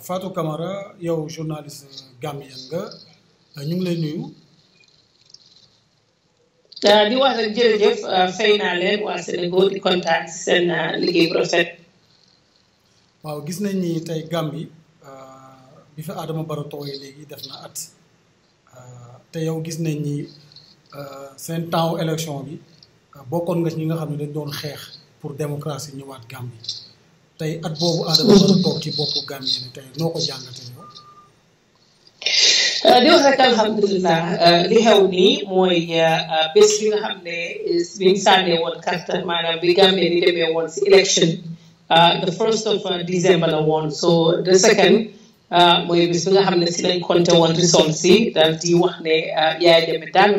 Fatou Camara yow journaliste gambien nga euh, ñu ngi lay nuyu. Euh, di wax rek jërëjëf euh, fay naa leen waa Sénégal di kontaan seen liggéey waaw gis nañ ni tey Gambie bi fi Adama Barrow toogee léegi def na at te yow gis nañ ni seen temps élection bi bokkoon nga ci ñi nga xam ne dañ doon xeex pour démocratie ñëwaat Gambie. tey at boobu Adama war a toog ni mooy bés bi nga xam ne biñ sànnee woon carte maanaam bi si December la woon so the second mooy bis bi nga xam ne si lañ compté woon results yi di wax ne euh, Yaya Jammeh daan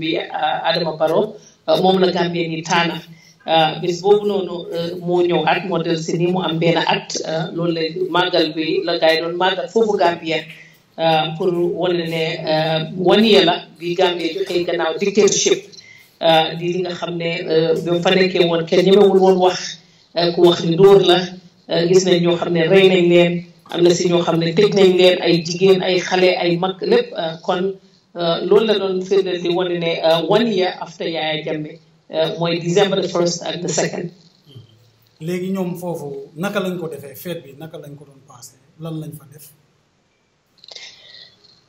bi euh, Adama Barrow euh, moom la Gambie ni tànn. Uh, bis boobu noonu uh, moo ñëw at moo del si nii mu am at uh, loolu la màggal bi la gars yi doon màggal foofu Gambia pour wane ne one la bi Gambia joxee gannaaw dictatorship di li nga xam ne ba fa nekkee woon kenn woon wax ku wax ñoo xam ne rey nañ leen am na si ñoo xam ne tëj nañ leen ay jigéen ay xale ay mag lépp kon loolu la doon firndeel di wane ne one year after Yaya Euh, mooy December the first ak the second. Mm-hmm. léegi ñoom foofu naka lañ ko defee fête bi naka lañ ko doon passé lan lañ fa def.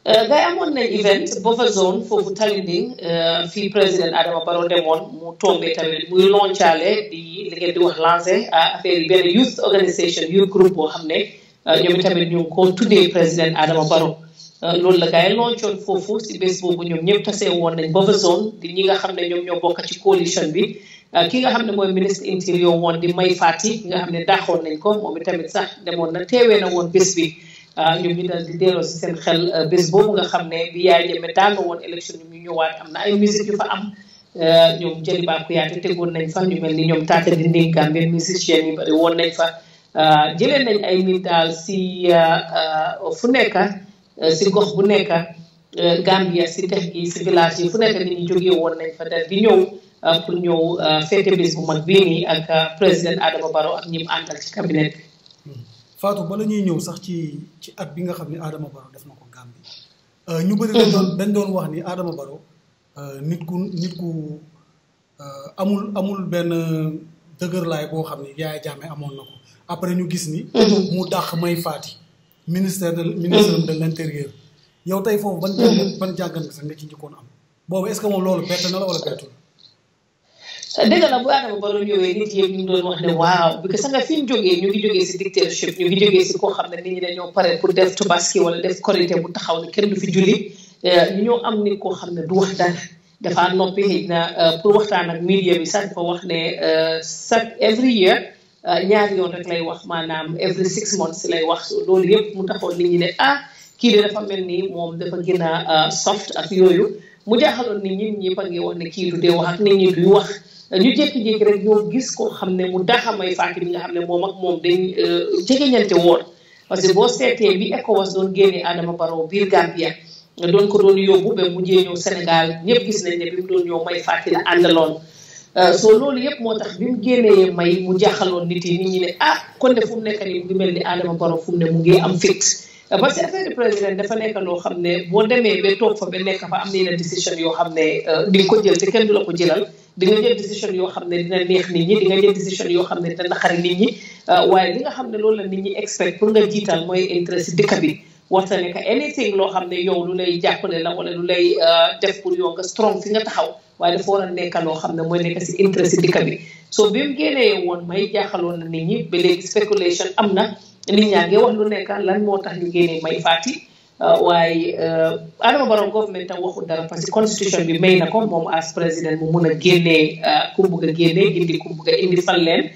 Euh, gay amoon nañ event buffer zone foofu Tallinding euh, fii président Adama Barrow demoon mu tombé tamit muy loncaale di li ngeen di wax lancé affaire yi benn youth organisation youth group boo xam ne ñoom tamit ñu ko tuddee président Adama Barrow. Euh, loolu la gars yi loncoon foofu si bés boobu ñoom ñëpp tasee woon nañ bova zone di ñi nga xam ne ñoom ñoo bokk ci coalition bi euh, ki nga xam ne mooy ministre intérieur woon di Mai Fatty nga xam ne daaxoon nañ ko moom itamit sax demoon na teewee na woon bés bi euh, ñoom ñu dal di delloo si seen xel bés boobu nga xam ne bi yaay jëme daanu woon élection ñu ñëwaat am na ay musique yu fa am ñoom Jaliba Kuyateh tegoon nañ fa ñu mel ni ñoom Tata Dinding Gambian musiciens yi bari woon nañ fa jëlee nañ ay nit daal si fu nekk Eh, si gox bu nekk eh, Gambia si dex gi si village yi fu nekk nit ñi jógee woon nañ fa dal di ñëw eh, pour ñëw fête bés bu mag bii nii ak président Adama Barrow ak ñi mu àndal ci cabinet hmm. ñuy ñëw sax ci ci at bi nga xam ne Adama Barrow def na ko Gambie. ñu bëri dañ doon dañ doon wax ni Adama Barrow nit ku nit ku amul amul benn laay boo xam ne a Jammeh amoon na ko après ñu gis ni. Hmm. mu dàq may faati. ministère de ministère de l' intérieur. yow tey foofu ban jàngat ban jàngat nga sax nga ci njëkkoon am boobu est-ce que moom loolu bett na la wala bettul. dëgg la bu Adama Barrow ñëwee nit ñu ngi wax ne waaw parce que nga fi ñu jógee ñu ngi jógee si dictatorship ñu ngi jógee si koo xam ne nit ñi dañoo pare pour def tubaski wala def korité bu taxaw ne kenn du fi julli euh, ñu ñoo am ni koo xam ne du wax dara dafa noppi xëy na euh, pour waxtaan ak media bi sax dafa wax ne euh, chaque every Euh, ñaari yoon rek lay wax maanaam every six months lay wax loolu yëpp mu taxoon nit ñi ne ah kii de dafa mel ni moom dafa gën a euh, soft ak yooyu mu jaaxaloon ni ñun ñëpp a ngi wax ne kii du dee wax ak nit ñi duy wax ñu jékki-jékki rek ñoo gis koo xam ne mu daxamay faaki bi nga xam ne moom ak moom dañ euh, jegeñante woon parce que boo seetee bi ECOWAS doon génnee Adama Barrow biir Gambia doon ko doon yóbbu ba mujjee ñëw Sénégal ñëpp gis nañ ne bi mu doon ñëw may faaki la àndaloon Euh, soo loolu yëpp moo tax bi mu génnee may mu jaaxaloon nit yi nit ñi ne ah kon de fu mu nekk mel ni Adama Barrow fu mu ne mu ngi am fit euh, parce que affaire loo xam ne boo demee ba toog nekk fa am na yenn décision yoo xam ne euh, di nga ko jël la ko jëlal di nga jël décision yoo xam ne dina neex nit ñi di nga jël décision yoo xam ne dina naxari nit ñi waaye li nga xam ne loolu la nit ñi expect pour nga jiital mooy intérêt si dëkk bi waxta anything loo xam ne yow lu lay jàppale la wala lu lay def pour yow nga strong fi nga taxaw waaye dafa war a nekk loo xam ne mooy nekk si intérêt si dëkk bi soo bi mu génnee woon may jaaxaloon na nit ñi ba léegi spéculation am na nit ñaa ngi wax lu nekk lan moo tax ñu génnee may fàtti uh, waaye uh, Adama Barrow government tam waxul dara parce que constitution bi may na ko moom as président mu a génnee uh, ku mu ku mu indi fal leen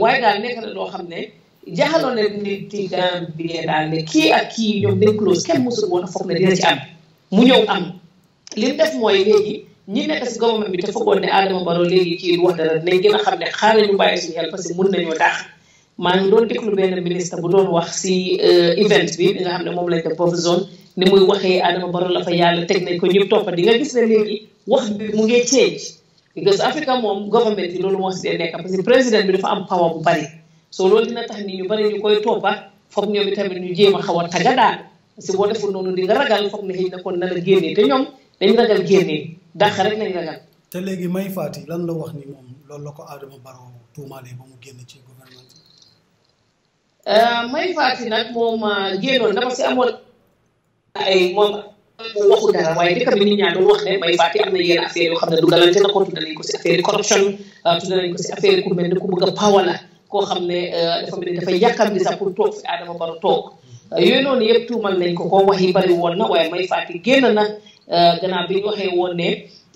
waaye daal nekk loo xam ne jaaxaloon na nit yi daan bi daal ne kii ak kii ñoom dañ close kenn mosul woon a foog ne dina ci am mu ñëw am li mu def mooy léegi. ñi nekk si gouvernement bi te foogoon ne Adama Barrow léegi kii du wax dara dinañ gën a xam ne xaaral ñu bàyyi suñu xel parce que mun nañoo daax maa ngi doon euh, bi nga xam ne moom la fa yàlla wax bi mu ngi change because Africa moom government yi loolu moo si dee nekk parce que président bi dafa am power bu bari so loolu dina tax ni ñu bari ñu koy toppa foog ñoom itamit ñu jéem a xaw a tagadaa parce que boo deful noonu di nga ragal foog ne xëy na kon na la génnee te ñoom dañ ragal génnee dàq rek lañ ragal. te léegi May Faty lan la wax ni moom loolu la ko Adama Barrow tuumaalee ba mu génn ci gouvernement bi. Euh, may Faty nag moom euh, génnoon dama si amoon ay moom waxu dara waaye dëkk bi na yenn affaire yoo xam ne dugalante na ko tuddee nañ ko si affaire euh, a koo xam ne dafa mel ni sax pour toog fi Adama Barrow yooyu noonu yëpp tuumal nañ ko ko wax na waaye May Faty génn na. Euh, ganaar bi ñu waxee woon ne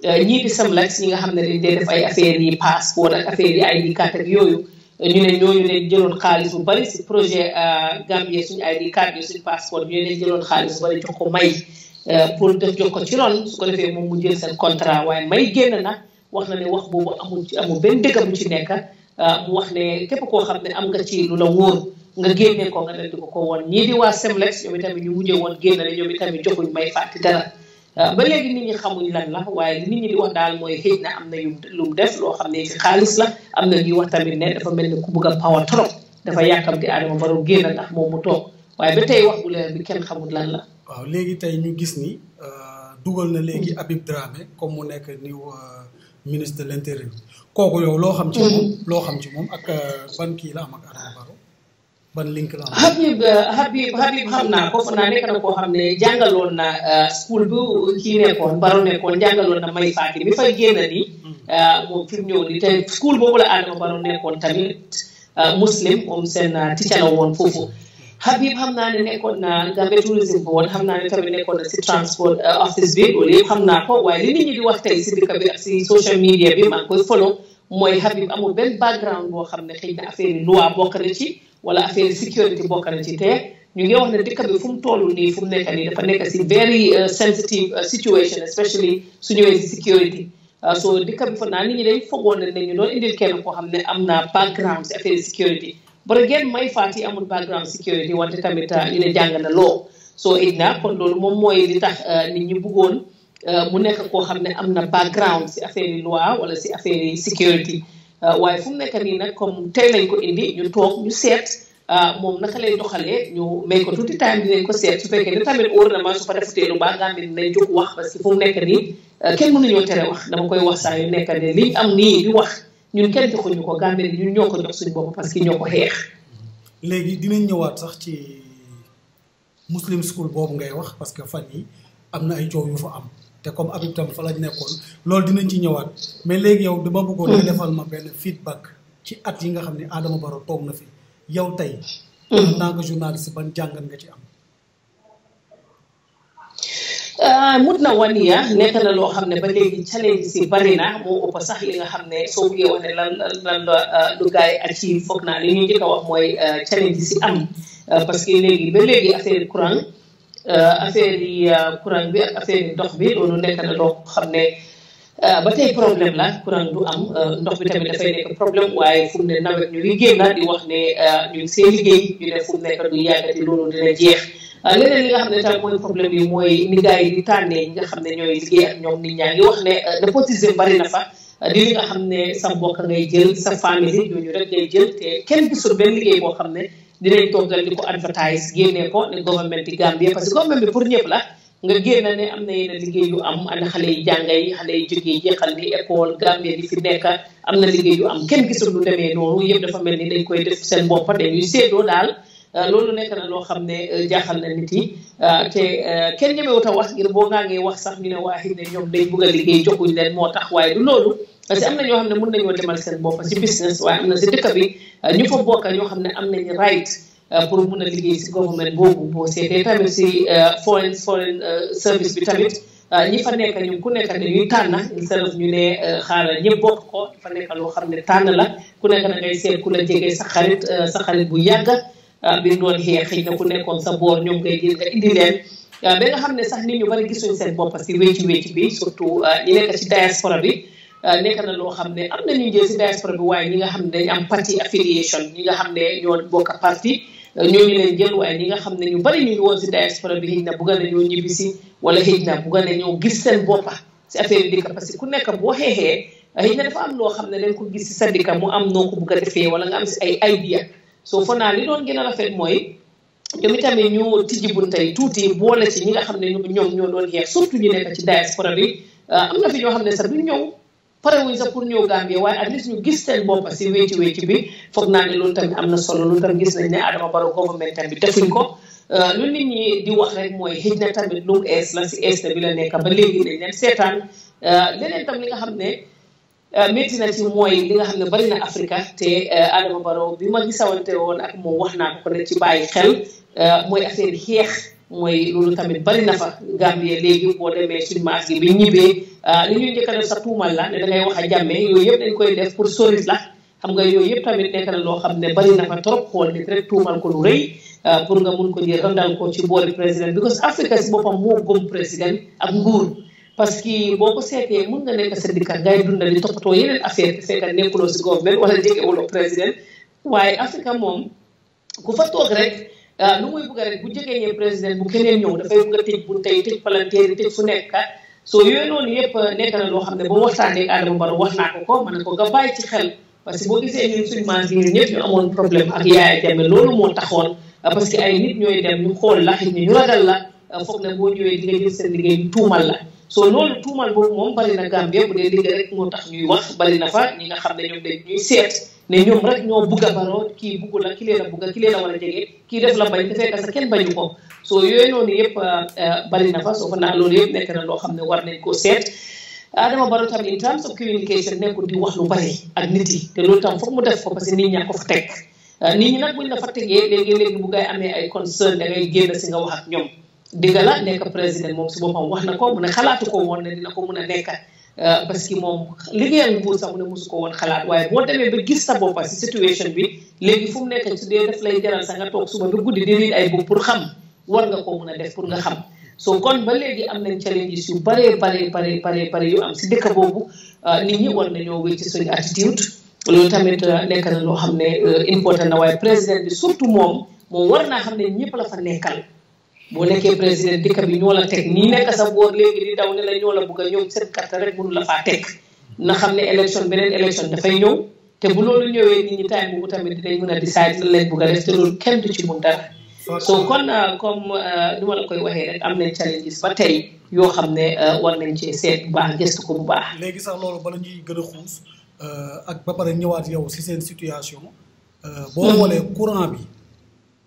euh, ñii di samlax ñi nga xam ne dañ dee def ay affaires yi passeport ak affaires yi ID card ak yooyu ñu ne ñooñu leen jëloon xaalis bu bari si projet euh, Gambie suñu ID card yi suñu passeport ñu leen xaalis bu bari ko may pour def jox ko ci lool moom mu jël seen contrat waaye may génn na wax ne wax boobu amul ci amul benn dëgg bu ci nekk wax ne képp koo xam ne am nga ci lu la wóor nga génne ko nga def di ko ko woon ñii di waa Semlex ñoom itamit ñu mujjee woon génn ne ñoom itamit joxuñ may fàtti dara ba léegi nit ñi xamuñ lan la waaye nit ñi di wax daal mooy xëy na am na yu lu mu def loo xam ne ci xaalis la am na ñuy wax tamit ne dafa mel ni ku bëgg a power trop dafa yàkkamti Adama Barrow génn ndax moom mu toog waaye ba tey wax bu leer bi kenn xamul lan la. waaw léegi tey ñu gis ni euh, dugal na léegi Habib Dramé comme mu nekk niw euh, ministre de l'intérieur kooku yow loo xam ci mm-hmm. moom. loo xam ci moom ak euh, ban kii la am ak Adama ban link la Habib euh, Habib Habib xam naa ko fa naa nekk na koo xam ne jàngaloon na euh, school bu kii nekkoon baro nekkoon jàngaloon na may faati bi fa génn nii mm. euh, moom fi mu ñëw nii te school boobu la Adama Baro nekkoon tamit muslim moom seen teacher la woon foofu Habib xam naa ne nekkoon na Gambia tourism xam naa ne tamit nekkoon na si transport office bi loolu yëpp xam naa ko waaye li nit ñi wax tey si dëkk bi ak si social media bi maa ngi koy follow mooy Habib amul benn background boo xam ne xëy na affaire yi loi bokk na ci wala affaire sécurité bokk na ci te ñu ngi wax ne dëkk bi fu mu toll nii fu nekk nii dafa nekk si very uh, sensitive uh, situation especially su ñëwee si sécurité uh, so dëkk bi fa naa ni ñi dañ fogoon ne ñu doon indil xam ne am naa background si affaire sécurité but again may tamit ñu ne jàng loo soo it naa loolu moom mooy li tax nit ñi bëggoon mu nekk koo xam ne am na background si affaire yi loi wala si affaire yi sécurité Euh, waaye fu mu nekk nii nag comme tey lañ ko indi ñu toog ñu seet euh, moom naka lay doxalee ñu may ko tuuti time nañ ko seet su fekkee ne tamit óor na ma su fa defutee lu baax Gambie dinañ jóg wax parce que fu mu nekk nii euh, kenn mënuñoo tere wax dama koy wax saa yu nekk ne liñ am nii di wax ñun kenn joxuñu ko Gambie ñun ñoo ko jox suñu bopp parce que ñoo ko xeex. léegi dinañ ñëwaat sax ci muslim school boobu ngay wax parce que fan yi am na ay coow yu fa am. te comme Habib fala fa nekkoon loolu dinañ ci ñëwaat mais léegi yow dama bëggoon nga hmm. ma benn feedback ci at yi nga xam ne Adama Barrow toog na fi yow tey. Hmm. en tant que nga ci am. Euh, mut na wan nekk na loo xam ne ba léegi si bari na moo ëpp sax li nga xam ne soo buggee wax ne lan lan lu euh, gars yi achieve foog naa li ñu njëkk wax mooy euh, challenge si am parce que léegi ba léegi courant. Euh, affaire yi euh, courant bi ak affaire ndox bi loolu nekk na loo xam ne euh, ba tey problème la courant du am ndox bi tamit dafay nekk problème waaye fu ne nawet ñu ngi génn di wax ne ñu liggéey ñu ne fu mu nekk du ne tam mooy mooy ni gars yi nga xam ne ñooy liggéey ak ñoom nit ñaa ngi wax ne népotisme bari na fa di li nga xam ne sa mbokk ngay jël sa famille ñooñu rek ngay jël te kenn gisul benn liggéey boo xam ne. dinañ toog nag di ko advertise génnee ko ne government di Gambie parce que government bi pour ñëpp nga génn ne am na yenn liggéey yu am ana xale yi jàngay xale yi jógee jeexal di école Gambie ni dañ koy def seen bopp dañuy séedoo daal euh, loolu nekk na loo xam ne euh, jaaxal na nit yi euh, te kenn ñemewut a wax ngir boo ngaa ngi wax sax ñu ne waa xëy na ñoom dañ bugg liggéey joxuñ leen moo tax waaye du loolu parce que am na ñoo xam ne mën nañoo demal seen bopp si business waaye am na si dëkk bi euh, ñu fa euh, a liggéey si boobu boo seetee tamit si euh, foreign foreign service bi tamit ñi fa nekk ñu ku nekk ne ñu ne xaaral ñëpp bokk ko fa ne tànn la ku nekk na ngay seet ku la jege sa sa xarit bu yàgg bi doon xeex xëy na ku nekkoon sa boor ñoo ngay jël nga indi leen ba nga xam ne sax nit ñu bari gisuñ seen bopp si wécci wécci bi surtout ñi nekk ci diaspora bi Euh, nekk na loo xam ne am na ñu jël si diaspora bi waaye ñi nga xam ne dañ am parti affiliation xam ne ñoo bokk parti euh, ñooñu leen jël waaye ñi nga xam ne ñu ñu ngi woon si diaspora bi xëy na bugga na parce que ku nekk boo xeexee xëy na xam ne dañ ko gis si sa dikka mu am noo ko bugg am si ay idea soo fa naa li doon gën a rafet mooy ñoom itamit ñu tijji bunte yi tuuti boole ci ñi nga xam ne ñoom ñoo doon xeex surtout ñu nekk ci diaspora bi euh, am na fi ñoo xam ne sax duñ ñëw pare wuñ sax pour ñëw Gambie waaye at least ñu gis seen bopp si wécci wécci bi foog naa ne tamit am na solo loolu tamit gis nañ ne Adama Barrow government tamit defuñ ko euh, lu nit ñi di wax rek mooy xëj na tamit lu mu la si ees bi la nekk ba léegi nañ leen seetaan euh, leneen tam li nga xam ne euh, métti na ci mooy li nga xam ne bari na Afrika te Adama Barrow bi ma gisawante woon ak moom wax naa ko ne ci bàyyi xel mooy affaire xeex. mooy loolu tamit bari na fa Gambie léegi boo demee ci maas gi bi ñibbee ah, li ñuy njëkk a sa tuumal la ne dangay wax a jàmme yooyu yëpp dañ koy def pour sorit la xam nga yooyu yëpp tamit nekk na loo xam ne bari na fa trop xool nit rek tuumal ko lu rëy ah, pour nga mun ko jël randal ko ak nguur parce que boo ko seetee mun nga nekk sa ngay dunda di toppatoo yeneen Africa moom ku fa toog rek waaw lu muy bëgg rek bu jegee ñee président bu keneen ñëw dafay bëgg tëj bu tey tëj palanteer nekk soo yooyu noonu yëpp nekk loo xam ne ba waxtaanee Adama Barrow wax naa ko ko mën na ko nga bàyyi ci xel parce que boo gisee ñun suñu maas yi ñëpp ñu amoon problème ak Yaya Jammeh loolu moo taxoon parce que ay nit ñooy dem ñu xool la xëy na ñu ragal la foog ne boo ñëwee di nga jël seen liggéey ñu tuumal la so loolu tuumal moom bari na Gambia bu dee liggéey rek moo tax ñuy wax bari na ñi nga xam ne ñoom dañ ñoo bugg a kii bugg la ki leen a jege kii def la bañ te fekk sa bañu ko so yooyu noonu yëpp uh, uh, bari na soo fa naa loolu yëpp nekk na loo xam ne war nañ koo seet Adama Barrow tam in terms of communication nekkul di wax lu bari ak nit yi te loolu tam foog mu def ko parce que nit ñaa ko fa teg uh, nit ñi nag buñ la fa tegee Dingala nekk président moom si boppam wax na ko ne xalaatu ko woon ne dina ko mun a nekk euh, parce que moom liggéeyal nguur sax mu ne mosu ko woon xalaat waaye boo demee ba gis sa boppa si situation bi léegi fu mu nekk su dee daf lay guddi di xam war nga koo mun pour nga xam so kon ba léegi am nañ challenges yu baree baree baree baree bare yu am si dëkk boobu euh, nit ñi war nañoo wéy ci suñu attitude loolu tamit euh, nekk na loo xam ne important na waaye président bi surtout moom moom war naa xam ne ñëpp la fa nekkal boo nekkee président dëkk bi ñoo la teg ñi nekk sa boor léegi di daw ne la ñoo la bëgg a ñoom seen carte rek mënu la faa teg na xam ne élection beneen élection dafay ñëw te bu loolu ñëwee nit ñi time boobu tamit dinañ mën a décide lan lañ bëgg a def te loolu kenn du ci euh, euh, ma la koy waxee rek am nañ challenges yoo xam ne euh, war nañ ci seet bu baax gëstu ko bu baax léegi sax loolu bala ñuy gën a xuus ak ba pare ñëwaat yow si seen situation boo woolee hmm. courant bi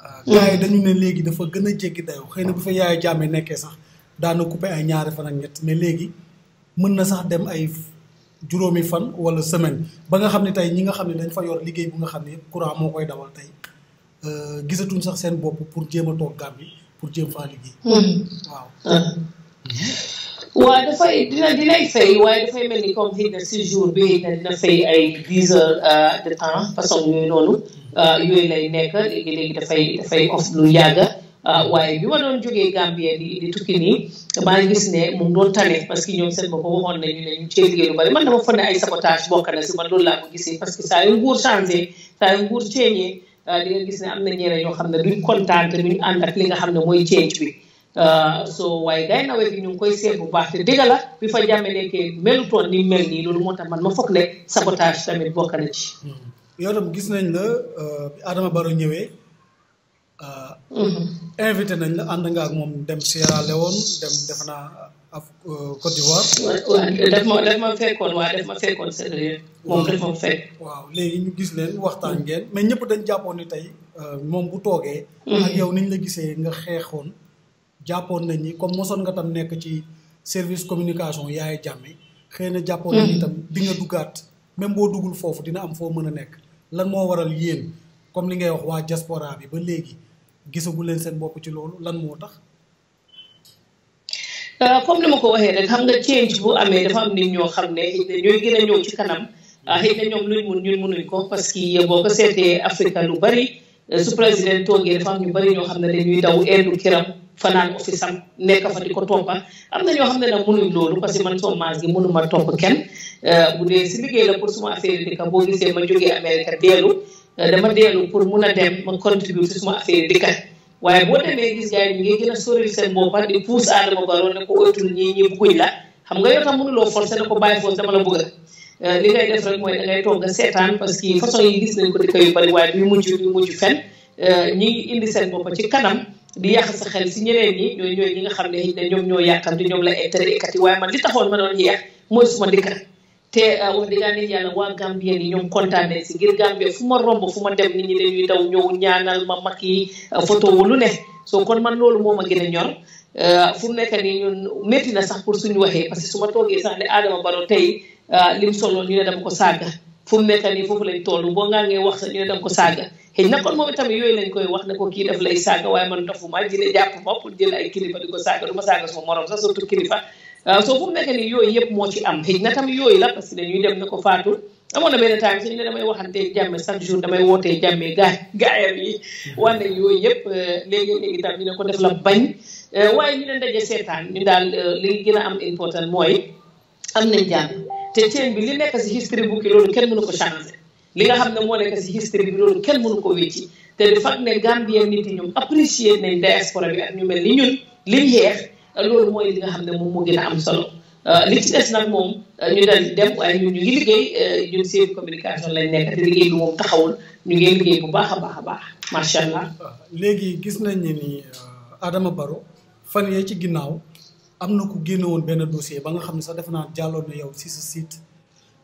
Ah, gars yi dañu ne léegi dafa gën a jéggi dayoo xëy na bu fa yaay jàmmee nekkee sax daana coupé ay ñaari fan a ñett mais léegi mën na sax dem ay juróomi fan wala semaine ba nga xam ne tey ñi nga xam ne dañ fa yor liggéey bu nga xam ne courant moo koy dawal tey euh, gisatuñ sax seen bopp pour jéem a toog Gàmbi pour jéem faa liggéey hmm. waaw ah. waaw dafay dina dinay fay waaye dafay mel ni comme xëy na si jour bi xëy na dina fay ay dix heures euh, de temps façon yooyu noonu euh, yooyu lay nekk léegi-léegi dafay off lu yàgg euh, waaye bi ma doon jógee Gambie di di tukki nii maa ngi gis ne mu ngi doon tane parce que ñoom seen bopp waxoon nañu ne ñu cee liggéey lu bari man dama foog ne ay sabotage bokk na si man loolu laa ko gisee parce que saa yu nguur changé saa yu nguur ceeñee di gis ne am na ñeneen ñoo xam ne duñ kontaan te duñ ànd ak li nga xam ne mooy change bi. Uh, so waaye gay nawet bi ñu ngi koy seet bu baax te dëgg la bi fa jàmme nekkee melutoon ni mel nii loolu moo tax man ma foog ne sabotage tamit bokk na ci. Hmm. yow tam gis nañ la euh, bi Adama Barrow hmm. euh, invité nañ la ànd moom dem Sierra Leone def naa ak euh, Côte ma daf ma fekkoon ma fekkoon sa waaw léegi ñu gis leen waxtaan ngeen mais ñëpp dañ jàppoon ni tey moom bu toogee. Hmm. yow niñ la gisee nga xeexoon. jàppoon nañ ni comme mosoon nga tam nekk ci service communication yaay jàmme xëy na jàppoon nañ hmm. tam di nga duggaat même boo duggul foofu dina am foo mën a nekk lan moo waral yéen comme li ngay wax waa diaspora bi ba léegi gisagu leen seen bopp ci loolu lan moo tax euh, comme ni ma ko waxee rek xam nga change bu amee dafa am nit ñoo xam ne xëy na ñooy a ñëw ci kanam euh, xëy na ñoom luñ mun ñun munuñ ko parce que boo ko seetee Afrique lu bari euh, su président toogee dafa am ne dañuy daw eerlu kiram fanaan office am nekk fa di ko toppa am na ñoo xam ne nag mënuñ loolu parce que man chômage gi mënuma topp kenn euh, bu dee si liggéey la pour suma affaire dëkka boo gisee ma euh, a dem ma contribuer si nga yow tam mënuloo forcé na ko bàyyi force dama la bëgg euh, li ngay def rek mooy da ngay toog seetaan parce que façon yi gis nañ ko dëkk yu bari waaye mujj duñu mujj fenn ñi ngi indi seen boppa ci kanam di yàq sa xel si ñeneen ñi ñooy ñooy ñi nga xam ne xëy na ñoom ñoo yàkkamti ñoom la intérêt ikkati waaye man li taxoon ma doon yàq mooy suma dëkk te euh, wax dëgg yàlla waa Gambien yi ñoom kontaan nañ si ngir Gambie fu ma romb fu ma dem nit ñi dañuy daw ñëw ñaanal ma mag yi euh, photo wu lu ne soo kon man loolu moo ma gën a ñor euh, fu mu nekk nii ñun métti na sax pour suñu waxee parce que su ma toogee sax ne Adama Barrow tey lim solo ñu ne dama ko saaga fu mu nekk nii foofu lañ toll boo ngaa ngee wax sax ñu ne dama ko saaga. xëy na kon moom itam yooyu lañ koy wax ne ko kii daf lay saaga waaye man dofuma dina jàpp ma jël ay kilifa di ko saaga du ma saaga suma morom sax surtout kilifa ah, soo fu mu nekk yooyu yëpp moo ci am na tam la parce que ko faatu amoon na benn temps eh, la bañ eh, waaye ñu ne ndaje eh, li gën a am important mooy am nañ jàmm te chaine bi li nekk si history bukki loolu kenn mënu ko changer li nga xam ne moo nekk si history bi loolu kenn mënu ko wécci te di fat ne Gambien nit yi ñoom apprécier nañ diaspora bi ak ñu mel ni ñun nga xam ne moom moo gën am solo euh, li ci moom euh, ñu daan dem waaye ñun ñu ngi liggéey euh, ñun seen communication lañ nekk te liggéey bi moom taxawul ñu ngi liggéey bu baax a baax a baax macha allah. léegi gis nañ ne ni Adama Barrow fan yee ci ginnaaw am na ku génne woon benn dossier ba nga xam ne sax def naa jàlloon na yow si sa site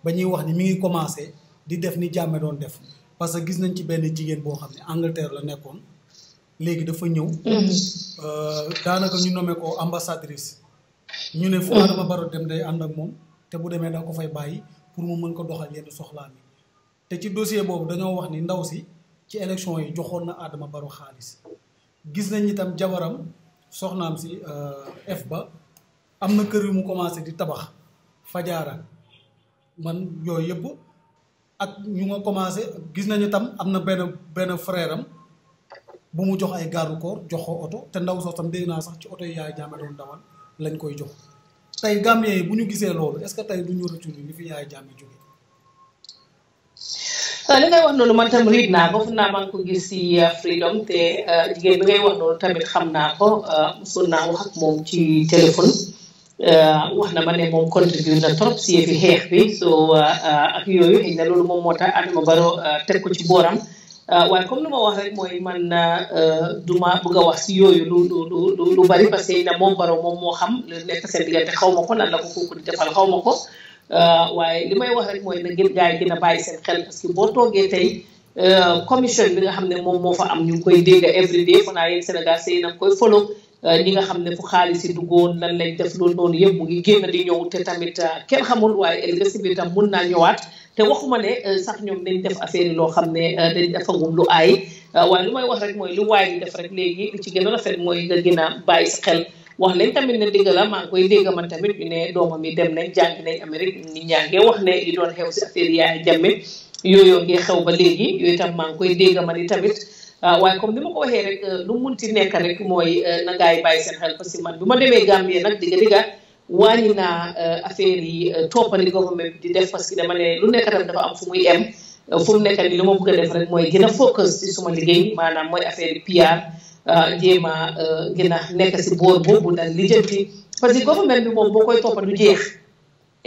ba ñuy wax ni mi ngi commencé. di def ni jàmme doon def parce que gis nañ ci benn jigéen boo xam ne Angleterre la nekkoon léegi dafa ñëw. Mm-hmm. Euh, daanaka ñu nommé ko ambassadrice. ñu ne fu Adama Barrow dem day ànd ak moom te bu demee da ko fay bàyyi pour mu mën ko doxal yenn soxlaam yi te ci dossier boobu dañoo wax ni ndaw si ci élection yi joxoon na Adama Barrow xaalis gis nañ itam jabaram soxnaam si euh, f ba am na kër yu mu commencé di tabax fajaara man yooyu yëpp. ak ñu nga commencé gis nañu tam am na benn benn frère am bu mu jox ay garde corps jox ko oto te ndaw soo tam naa sax ci oto yi yaay jaame doon dawal lañ koy jox tey Gambien yi bu ñu gisee loolu est-ce que tey du ñu rëccu li fi yaay jaame jóge euh, li ngay wax noonu man naa ko fu naa maa ngi ko gis si euh, freedom te euh, jigéen bi ngay wax noonu tamit xam naa ko mosoon naa wax ak moom ci téléphone Eh, wax na ma ne moom contribué na trop si yëfi xeex bi soo eh, eh, ak yooyu xëy na loolu moom moo tax Adama Barrow teg ko ci booram waaye comme lu ma wax rek mooy man du ma bëgg a wax si yooyu lu lu lu lu bari parce que na moom Barrow moom moo xam nekk seen diggante xaw ma ko lan la ko kooku di xaw ma ko waaye li may wax rek mooy na gën gaa yi gën a bàyyi seen xel parce que boo toogee tey commission bi nga xam ne moom moo fa am ñu ngi koy dégg every day fanaa yéen Sénégal sëy na koy follow li euh, nga xam ne fu xaalis yi duggoon lan lañ def loolu noonu yëpp mu ngi génn di ñëw te tamit euh, kenn xamul waaye électricité tam mun naa ñëwaat te waxuma ne euh, sax ñoom dañ def affaire yi loo xam ne dañ defagum lu aay waaye lu may wax rek mooy lu waay di def rek léegi li ci gën a rafet mooy nga gën a bàyyi sa xel wax leen tamit ne dëgg maa ngi koy dégg man tamit ñu ne doomam yi dem nañ jàng nañ Amérique nit ñaa ngi wax ne li doon xew si affaire yaay jàmme yooyoo ngi xew ba léegi yooyu tam maa ngi koy dégg man tamit Ah, waaye comme ni ma ko waxee rek euh, lu munti nekk rek mooy euh, na gars yi bàyyi parce que man bi ma demee Gambie nag digga digga wàññi naa euh, affaire yi toppali government bi def parce que dama ne nekk tam dafa am fu muy em fu mu nekk nii li ma liggéey maanaam mooy affaire yi PR jéem a gën a nekk si boor boobu daal lijjanti parce que government bi moom boo koy toppa du jeex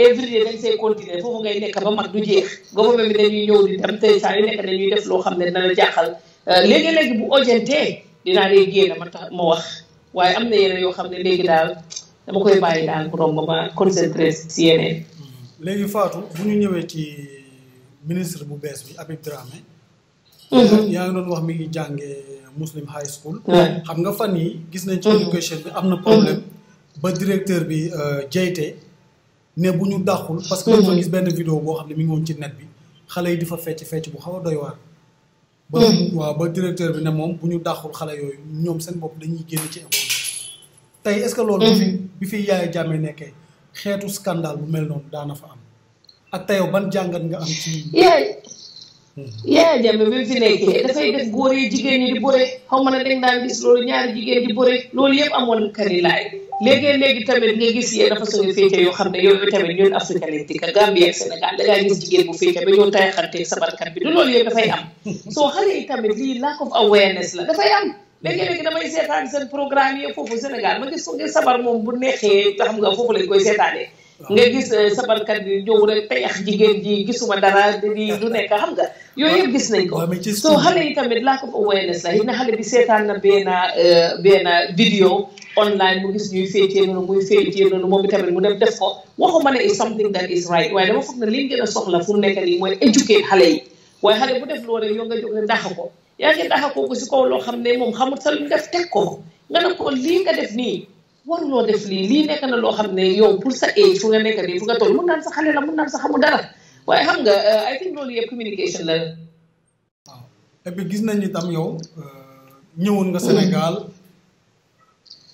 every dañ see continuer foofu ngay nekk ba mag du jeex government bi dañuy ñëw di dem te saa dañuy def loo xam ne dana jaaxal Euh, léegi-léegi bu ojjantee dinaa dee génn ma tax ma wax waaye am na yeneen yoo xam ne léegi daal dama koy bàyyi daal borom ba ma concentré si yeneen. Hmm. léegi Fatou bu ñu ñëwee ci ministre bu bees bi Habib Dramé. Hmm. yaa ngi doon wax mi ngi jàngee Muslim High School. Hmm. xam nga fan yi gis nañ ci éducation bi am na problème. ba directeur bi euh, jeyte ne bu ñu dàqul. parce que dafa gis benn vidéo boo xam ne mi ngi woon ci net bi xale yi di fa fecc fecc bu xaw a doy wax ba mm. waaw ba directeur bi ne moom bu ñu dàqul xale yooyu ñoom seen bopp dañuy génn ci école tey est-ce que loolu bi mm. fi bi fi Yaya Jammeh nekkee xeetu scandale bu mel noonu daana fa am ak tey ban jàngat nga am ci mm. Yaya Jammeh bi mu fi nekkee dafay def góor yi jigéen ñi di bëre xaw ma ne dañ daan gis loolu ñaari jigéen di bëre loolu yëpp amoon kër yi laay léegi léegi tamit nga gis yee dafa sori féete yoo xam ne yow tamit ñun Afrique lañ dëkk Gambie gis jigéen am soo xale yi tamit lii lack of la dafay damay seetaan seen programme yi foofu Sénégal ma gis ko ngeen sabar moom bu neexee xam nga foofu lañ koy seetaanee nga gis euh, sabarkat bi dara xam nga yooyu gis nañ ko soo xale yi tamit lack of awareness la yi na xale bi seetaan na benn euh, benn vidéo online mu gis ñuy féetee noonu muy féetee noonu moom itamit mu dem def ko waxuma ne is something that is right waaye dama foog ne liñ gën a soxla fu mu nii ko ko ko loo xam ne moom xamul sa lu def teg ko nga ne ko lii nga def nii waruloo def lii lii nekk na loo xam ne yow pour sa age fu nga nekk nii fu nga toll mun naan sa xale la mun naan sa xamul dara waaye xam nga uh, I think loolu yëpp communication la. waaw et puis gis nañu itam yow uh, ñëwoon nga Sénégal.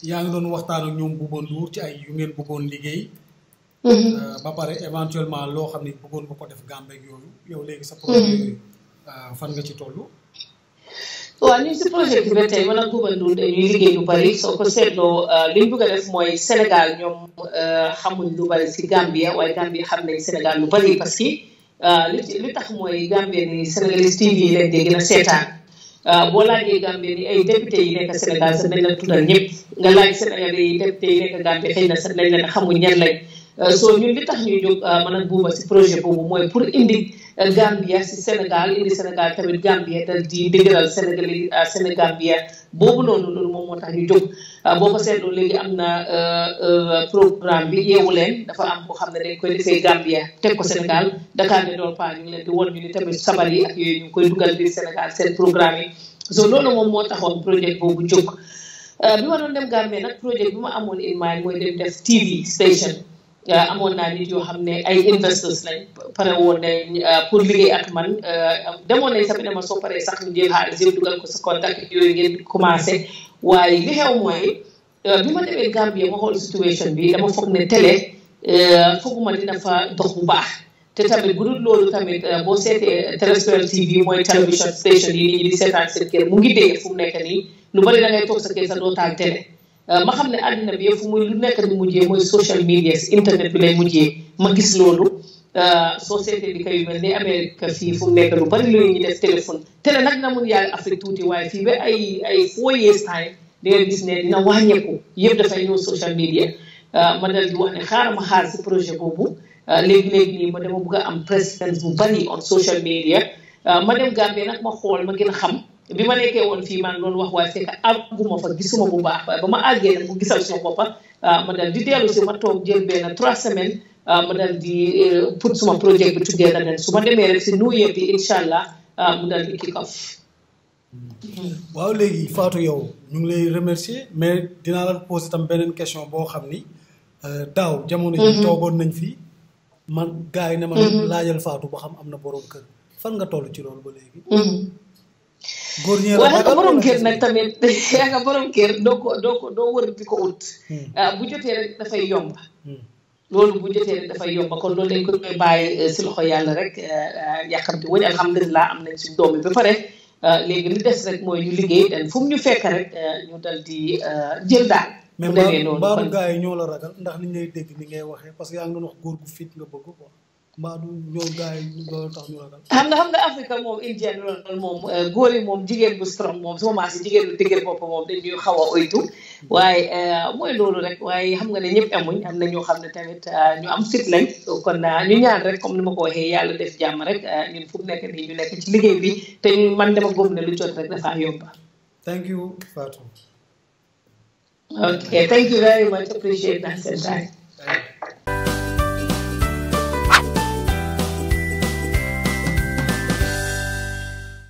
yaa ngi doon waxtaan ak ñoom Bouba Ndour ci ay yu ngeen bëggoon liggéey. Mhm. Euh, ba pare éventuellement loo xam ne bëggoon nga def Gambie ak yooyu yow sa mhm. euh, fan nga ci toll. waaw ñun si projet bi ba liggéey lu bari soo ko euh, li ñu bëgg a def mooy Sénégal ñoom xamuñ lu bari si Gambia waaye Gambie xam nañ Sénégal lu bari parce que li tax mooy Gambie ni Sénégalais TV leen di gën a seetaan. Ah, boo laajee Gambie ni ay député yi nekk Sénégal sax nañ la tuddal ñëpp nga laaj Sénégalais député yi nekk Gambie xëy na sax nañ leen xamuñ ñan lañ ah, soo ñun li tax ñuy jóg ah, maanaam buuba si projet boobu mooy pour indi Gambia si Sénégal indi Sénégal tamit Gambia dal di dëgëral Sénégalais ah, Sénégambia boobu noonu loolu moom moo tax ñu jóg ah, boo ko seetloo léegi am na ah, programme bi yeewu leen dafa am ko xam ne dañ koy ko Sénégal Dakar ne dool paa ñu ngi leen di won ñu ni tamit sabar yi ñu ngi koy dugal biir Sénégal seen programme yi so moom moo taxoon projet boobu jóg bi ma doon dem Gambia nag projet bi mu amoon in mind mooy dem def TV station amoon naa nit yoo xam ne ay investors lañ pare woon nañ euh, pour liggéey ak man euh, demoon nañ sax ne ma soo paree sax ñu jël xaalis yëpp dugal ko sa contact yooyu ngeen commencé waaye li xew mooy euh, bi ma demee Gambie ma xool situation bi dama foog ne télé fooguma dina fa dox bu baax te tamit bu dul loolu tamit boo seetee terrestrial TV mooy television station yi nit ñi di seetaan seen kër mu ngi dee nekk nii lu bari da ngay toog sa kër sa doo télé. Euh, ma xam ne àddina bi yëpp muy lu nekk di mujjee mooy social media si internet bi lay mujjee ma gis loolu euh, société bi kay mel ni Amérique fii fu mu nekk lu bari loolu na mun yaay Afrique tuuti waaye fii ba ay ay four years time di nga gis ne dina wàññeeku yëpp dafay ñëw social media euh, ma dal di wax ne xaaral ma xaar si projet boobu léegi léegi ma dama bëgg a am presence bu bari on social media ma dem Gambie nag ma xool ma gën a xam. bi ma nekkee woon fii maa ngi doon wax waaye fekk àgguma fa gisuma bu baax waaye ba ma àggee nag bu gisal suma boppa ah, ma dal di dellu si ma toog jël benn trois semaines ah, ma dal di eh, put suma projet bi tuddee na su ma demee rek si new year allah ah, mu dal di hmm. léegi Fatou yow ñu ngi lay remercier mais dinaa la posé tam beneen question boo xam ni euh, daaw jamono ji hmm. toogoon nañ fii man gars yi ne ma hmm. laajal Fatou ba xam am na borom kër fan nga toll ci loolu ba léegi góor ñi waaye nga borom kër nag tamit yaa nga borom kër doo ko doo ko doo di ko ut. Hmm. Ah, bu jotee rek dafay yomb. Hmm. loolu bu jotee rek dafay yomba kon loolu dañ koy bàyyi eh, si loxo yàlla rek eh, eh, yàqamti wuñ alhamdulilah am nañ suñ doom yi ba pare ah, léegi li des rek mooy ñu liggéey fu ñu fekk rek ñu dal di jël daal. bu demee noonu mais baaru gaa yi ragal ndax ni ngay dégg ni ngay waxee parce que yaa ngi doon wax góor gu fit nga bëgg quoi. mbaa du ñoo gars yi loolu tax xam nga xam nga Afrique moom in general moom euh, góor yi moom jigéen bu strong moom su ma si jigéen bu dëgër bopp moom dañuy xaw a oytu waaye euh, mooy loolu rek waaye xam nga ne ñëpp amuñ am na ñoo xam ne tamit euh, ñu am fit lañ kon ñu ñaan rek comme ni ma ko waxee yàlla def jàmm rek ñun fu nekk nii ñu nekk ci liggéey bi te ñu man dama góob ne lu jot rek dafa yomb. thank you Fatou. ok thank you very much seen time.